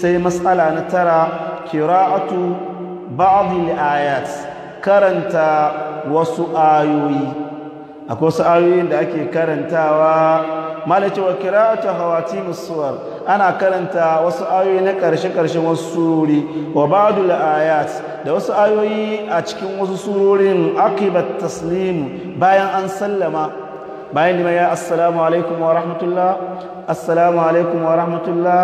sai matsala na tara kira'atu ba'adil ayat karanta wasu ayoyi akwai wasu ayoyin da ake karantawa malace wa kira'atu hawatimus suwar ana karanta wasu ayoyi na karshe karshen wasu surori wa ba'dul ayat da wasu ayoyi a cikin wasu surorin akibat taslimu bayan an sallama bayan da ya assalamu alaikum wa rahmatullah assalamu alaikum wa rahmatullah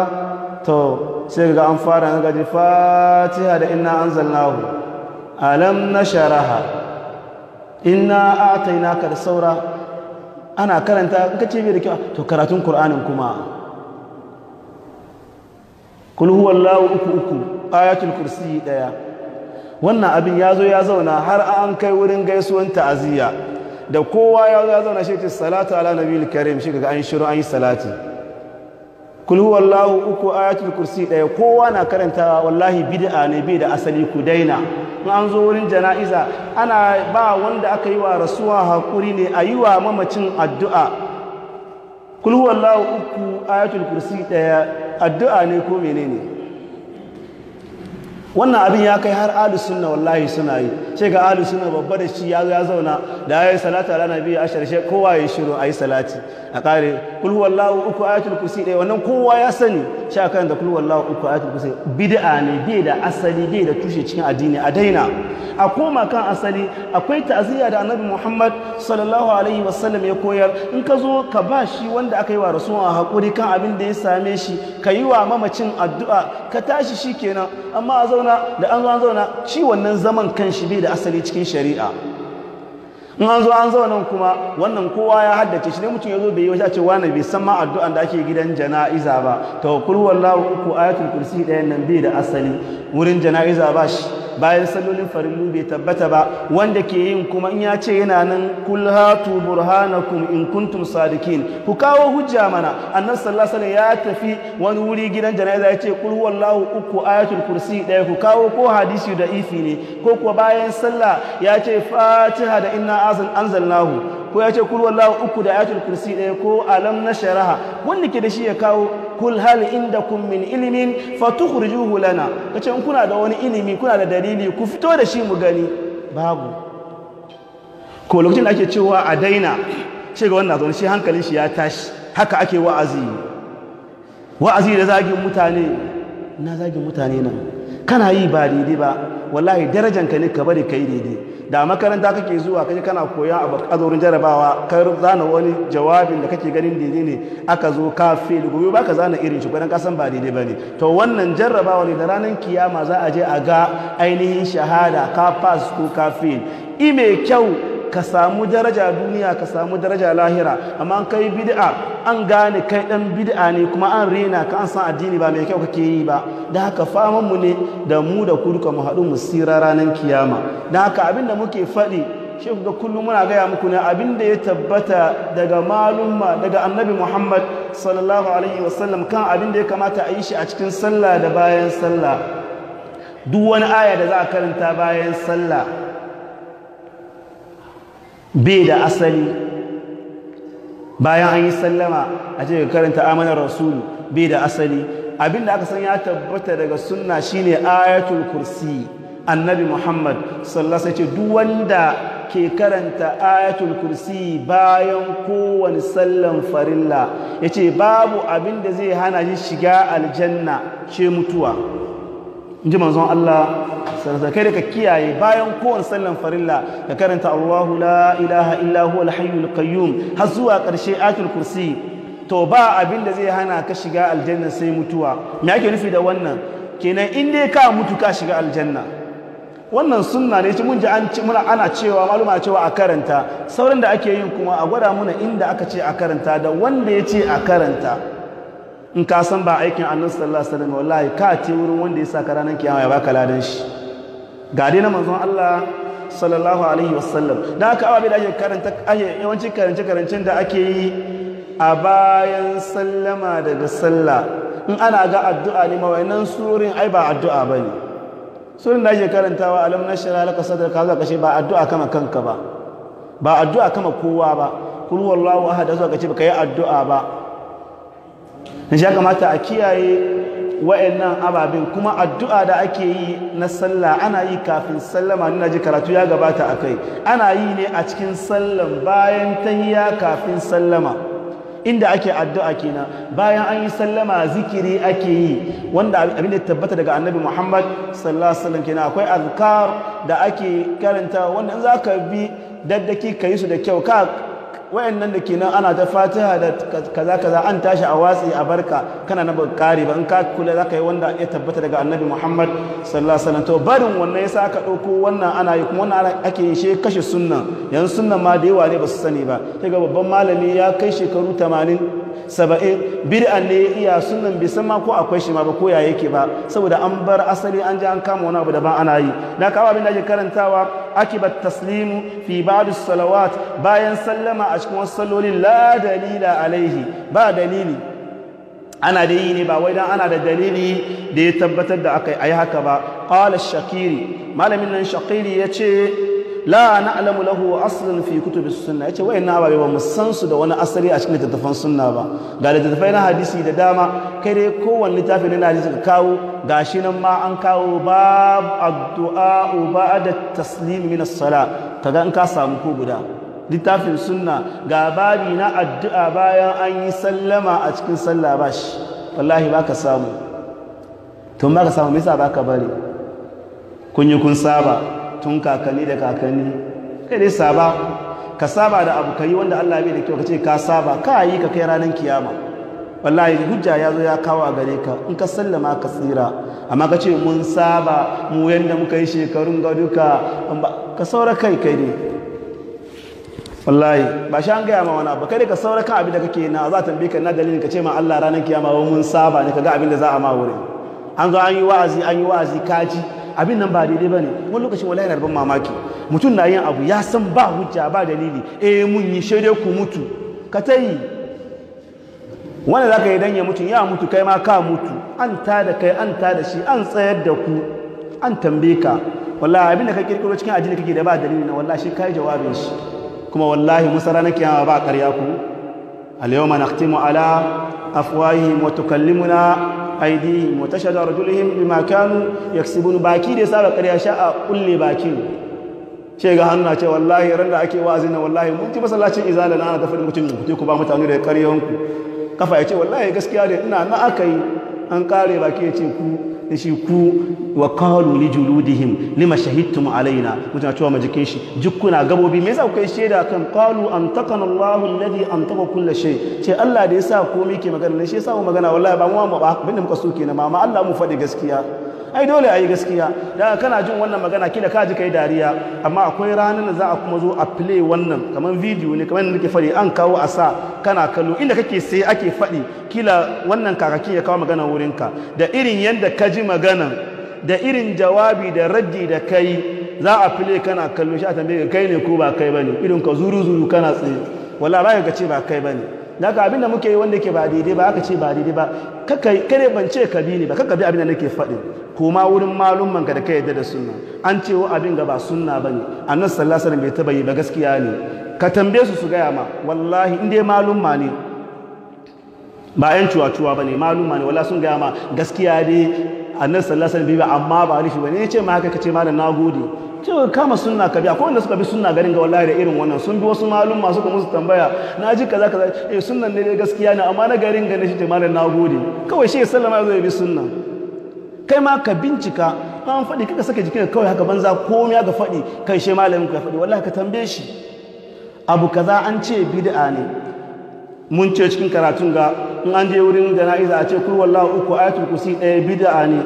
to sai ga an fara ga gaji fatiha da inna anzalnahu alam nasharaha inna a'tainaka da saura ana karanta in ka ce da kyau to karatun qur'anin kuma kul allahu uku uku ayatul kursi daya wannan abin ya zo ya zauna har an kai wurin gaisuwan ta'aziyya da kowa ya zo ya zauna shi ce salatu ala nabiyil karim shi ga an shiru an yi salati kulhu wallahu uku ayatul kursi ɗaya kowa na karanta wallahi bid'a ne bai da asali ku daina in an zo wurin jana'iza ana ba wanda aka yi wa rasuwa hakuri ne a yi wa mamacin addu'a kulhu wallahu uku ayatul kursi daya addu'a ne ko menene ne wannan abin ya kai har alu suna wallahi suna yi sai ga alu suna babba da shi ya zauna da yi salata ala nabi a sharshe kowa ya shiru yi salati a kare kul uku ayatul kusi ɗaya eh, wannan kowa ya sani sha kan da kul uku ayatul kusi bid'a ne bai da asali bai da tushe cikin addini a daina a koma kan asali akwai ta'aziyya da annabi Muhammad sallallahu alaihi wasallam ya koyar in ka zo ka ba shi wanda aka yi wa rasuwa haƙuri kan abin da ya same shi ka yi wa mamacin addu'a ka tashi shi kenan. amma a zauna zauna da an zo an zauna ci wannan zaman kan shi bai da asali cikin shari'a in an zo an zauna kuma wannan kowa ya haddace shi ne mutum ya zo bai yi a ce wani bai san ma addu'an da ake gidan jana'iza ba tawakkul wallahu uku ayatul kursi ɗayan nan bai da asali wurin jana'iza ba shi bayan sallolin farillu bai tabbata ba wanda ke yin kuma in ya ce yana nan kulhatu burhanakum in kuntum sadikin ku kawo hujja mana annan sallasana ya tafi wani wuri gidan janaiza ya ce kul uku ayatul kursi ɗaya ku kawo ko hadisi da ifi ne ko kuwa bayan sallah ya ce fatiha da inna azan anzalnahu ko ya ce kul wallahu uku da ayatul kursi ɗaya ko alam na sharaha wanda ke da shi ya kawo kul hal inda kun min ilimin fatukhrijuhu lana kace in kuna da wani ilimi kuna da dalili ku fito da shi mu gani babu ko lokacin da ake cewa a daina shi ga wannan zaune shi hankalin shi ya tashi haka ake wa'azi wa'azi da zagin mutane na zagin mutane nan kana yi ba daidai ba wallahi darajanka ne ka bari ka yi daidai da makaranta kake zuwa kaje kana koya a azurin jarabawa ka zana wani jawabin da kake ganin daidai ne aka zo ka fail gobe baka zana irin shi kuma ka ba daidai bane to wannan jarabawa ne da ranar kiyama za a je a ga ainihin shahada ka pass ko ka fail i kyau ka samu daraja duniya ka samu daraja lahira amma an kai bid'a an gane kai dan bid'a ne kuma an rena ka an san addini ba mai kyau kake yi ba da haka faman mu ne da mu da ku duka mu haɗu mu sira ranan kiyama da haka abin da muke faɗi shi ga kullum muna gaya muku ne abin da ya tabbata daga malumma daga annabi muhammad sallallahu alaihi wasallam kan abin da ya kamata a yi shi a cikin sallah da bayan sallah duk wani aya da za a karanta bayan sallah bai da asali bayan an yi sallama a cikin karanta amanar rasulu bai da asali abinda aka san ya tabbata daga sunna shine ayatul kursi annabi muhammad sallasa ce duk wanda ke karanta ayatul kursi bayan kowane sallan farilla ya ce babu abinda zai hana shi shiga aljanna ce mutuwa in ji manzon Allah sanata kai da ka kiyaye bayan kowane sallan farilla ka karanta Allahu la ilaha illa huwa al qayyum har zuwa karshe ayatul kursi to ba abin da zai hana ka shiga aljanna sai mutuwa me ake nufi da wannan kenan in dai ka mutu ka shiga aljanna wannan sunna ne mun ji an muna ana cewa maluma cewa a karanta sauran da ake yin kuma a gwada muna inda aka ce a karanta da wanda ya ce a karanta in ka san ba aikin annabi sallallahu alaihi wasallam wallahi ka ce wurin wanda ya saka ranar kiyama ya baka ladan shi ga dai na manzon Allah sallallahu alaihi wasallam da aka ababe da ake karanta ake yawanci karance karancen da ake yi a bayan sallama daga sallah in ana ga addu'a ne ma wayannan surin ai ba addu'a bane surin da ake karantawa alam nashra laka sadraka ka ce ba addu'a kama kanka ba ba addu'a kama kowa ba kul wallahu ahad ka ce ba yi addu'a ba in ya kamata a kiyaye wa'annan ababen kuma addu'a da ake yi na sallah ana yi kafin sallama nuna ji karatu ya gabata a kai ana yi ne a cikin sallan bayan tahiya kafin sallama inda ake addu'a kenan bayan an yi sallama zikiri ake yi wanda abin da tabbata daga annabi muhammad sallallahu alaihi wasallam kenan akwai azkar da ake karanta wanda za ka bi daddaki ka yi su da kyau ka waɗannan da ke nan ana ta fatiha da kaza kaza an tashi a watsi a barka kana na bakari ba in ka kula za ka yi wanda ya tabbata daga annabi Muhammad sallallahu alaihi wasallam to barin wannan yasa aka ɗauko wannan ana yi kuma wannan ake yin shi kashe sunna yan sunna ma da yawa ne ba su sani ba sai ga babban malami ya kai shekaru 80 saba'in bid'an ne iya sunan bai ma ko akwai shi ma ba ko ya yake ba saboda an bar asali an ji an kama wani abu daban ana yi na kawo abin da ake karantawa akibat taslimu fi ba'd salawat bayan sallama a cikin wasu salloli la dalila alaihi ba dalili ana da yi ne ba wai dan ana da dalili da ya tabbatar da aka yi haka ba qala shakiri malamin nan shakiri ya ce. la na'lamu lahu aslan fi kutubi sunna yace ce wayan ba mu san su da wani asali a cikin littattafan sunna ba ga littattafai na hadisi da dama kai dai kowanne littafi na hadisi ka kawo shi nan ma an kawo bab addu'a ba taslim min as-sala kaga in ka samu ko guda littafin sunna ga babi na addu'a bayan an yi sallama a cikin sallah wallahi baka samu tun ka samu me yasa baka bari kun yi kun saba tun kakanni da kakanni kai ne saba ka saba da abu kai wanda Allah bai da kyau ka ce ka saba ka yi ka kai ranar kiyama wallahi hujja ya zo ya kawo a gare ka in ka sallama ka tsira amma ka ce mun saba mu yanda muka yi shekarun ga duka ka saura kai kai ne wallahi ba shi an gaya ma wani abu kai ka saura kan abin da kake na za a tambaye ka na dalilin ka ce ma Allah ranar kiyama mun saba ne ka ga abin da za a ma wurin an zo an yi wa'azi an yi wa'azi kaji abin nan ba daidai ba ne. wani lokacin wala yana ban mamaki mutum na yin abu ya san ba hujja ba dalili eh mun yi shaide ku mutu ka wani za zaka yi dan ya mutu ya mutu kai ma ka mutu an ta da kai an ta da shi an tsayar da ku an tambe ka wallahi abin da ka kirkiro cikin ajini kake da ba dalili na wallahi shi kai jawabin shi kuma wallahi musa ranar kiyama ba karya ku al yawma naqtimu ala afwahihim wa tukallimuna aidihim wa tashhadu arjuluhum bima kanu yaksubun baki da sa karya sha a kulle baki ce ga hannu ce wallahi ran da ake wazi na wallahi mun ji masallacin izala na dafa ta faɗin mutum ku ku ba mutane da ku kafa ya ce wallahi gaskiya da ina na aka yi an kare baki ya ce ku shi ku wa qalu li juludihim lima shahidtum alaina mutuna cewa majikin shi jikuna gabobi me yasa kai shaida kan qalu antaqana Allahu alladhi taba kull shay ce Allah da yasa komai ke magana ne shi yasa mu magana wallahi ba mu ba abinda muka so kenan ma Allah mu faɗi gaskiya ai dole a gaskiya da kana jin wannan magana kila ka ji kai dariya amma akwai ranar da za a kuma zo a play wannan kamar video ne kamar nake fari an kawo a sa kana kallo inda kake sai ake fadi kila wannan kakaki ya kawo magana wurinka da irin yadda ka ji magana da irin jawabi da raddi da kai za a file kana kallo shi a tambaye kai ne ko ba kai bane irin ka zuru zuru kana tsaye wala ba ka ce ba kai bane da ka abin da muke yi wanda ke ba daidai ba aka ce ba daidai ba kare ban ce ka bi ne ba kakka abin da nake faɗi kuma wurin malumman ka da ka da sunna an ce wa abin ga ba sunna ba ne annan sallasar bai taba yi ba gaskiya ne ka tambaye su su gaya ma wallahi in dai malumma ne ba yan cuwa-cuwa ba ne malumma ne wala sun gaya ma gaskiya dai annan sallasar bai ba amma ba rufi ba ne ya ce ma haka ka ce ma da na gode cewa kama suna ka biya ko wanda suka bi suna garin ga wallahi da irin wannan sun bi wasu malum masu kuma musu tambaya na ji kaza kaza eh sunnan ne gaskiya ne amma na garin ga ne shi jama'a na gode kawai shi sallama zai bi sunna kai ma ka bincika an faɗi kaka saka jikin kawai haka banza komai ga faɗi kai shi malamin ka faɗi wallahi ka tambaye shi abu kaza an ce bid'a ne mun ce cikin karatun ga in an je wurin jana'iza a ce kul wallahu uku ayatul kursi ɗaya eh, bid'a ne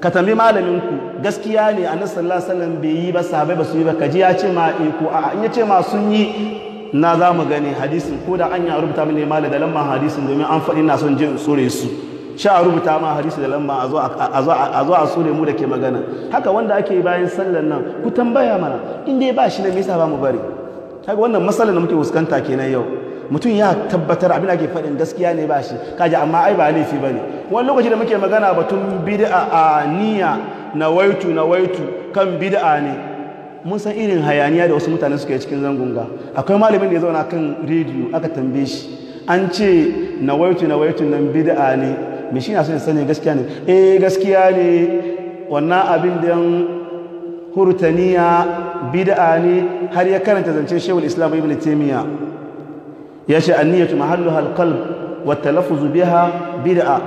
ka tambi malamin ku gaskiya ne a nasar lasallan bai yi ba sabai ba su yi ba kaji ya ce ma eh ko a'a in ya ce ma sun yi na za mu gani hadisin ko da an a rubuta mini mali da lamma hadisin domin an faɗi na son jin sure su sha a rubuta ma hadisi da lamma a zo a sure mu da ke magana haka wanda ake bayan sallan nan ku tambaya mana in dai ba shi ne me ba mu bari haka wannan matsalar da muke fuskanta kenan yau mutum ya tabbatar abin ake faɗin gaskiya ne ba shi kaji amma ai ba laifi ba ne wani lokaci da muke magana batun bid'a a niyya nawaitu nawaitu kan bid'a ne mun san irin hayaniya da wasu mutane suke cikin zangunga akwai malamin da ya zauna kan rediyo aka tambaye shi an ce nawaitu nawaitu nan bid'a ne me shi na so ya sani gaskiya ne eh gaskiya ne wannan abin da hurtaniya bid'a ne har ya karanta zance shewar islam ibn taymiya ya ce anniyatu mahalluha alqalb wa biha bid'a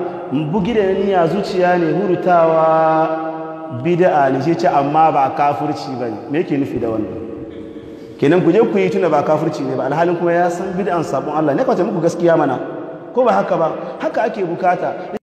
bugi da niyya zuciya ne hurtawa Bida'a ne shi ce amma ba kafirci ba ne me yake nufi da wannan kenan ku je ku yi tuna ba kafirci ne ba alhalin kuma ya san bid'an sabon Allah ne ka muku gaskiya mana ko ba haka ba haka ake bukata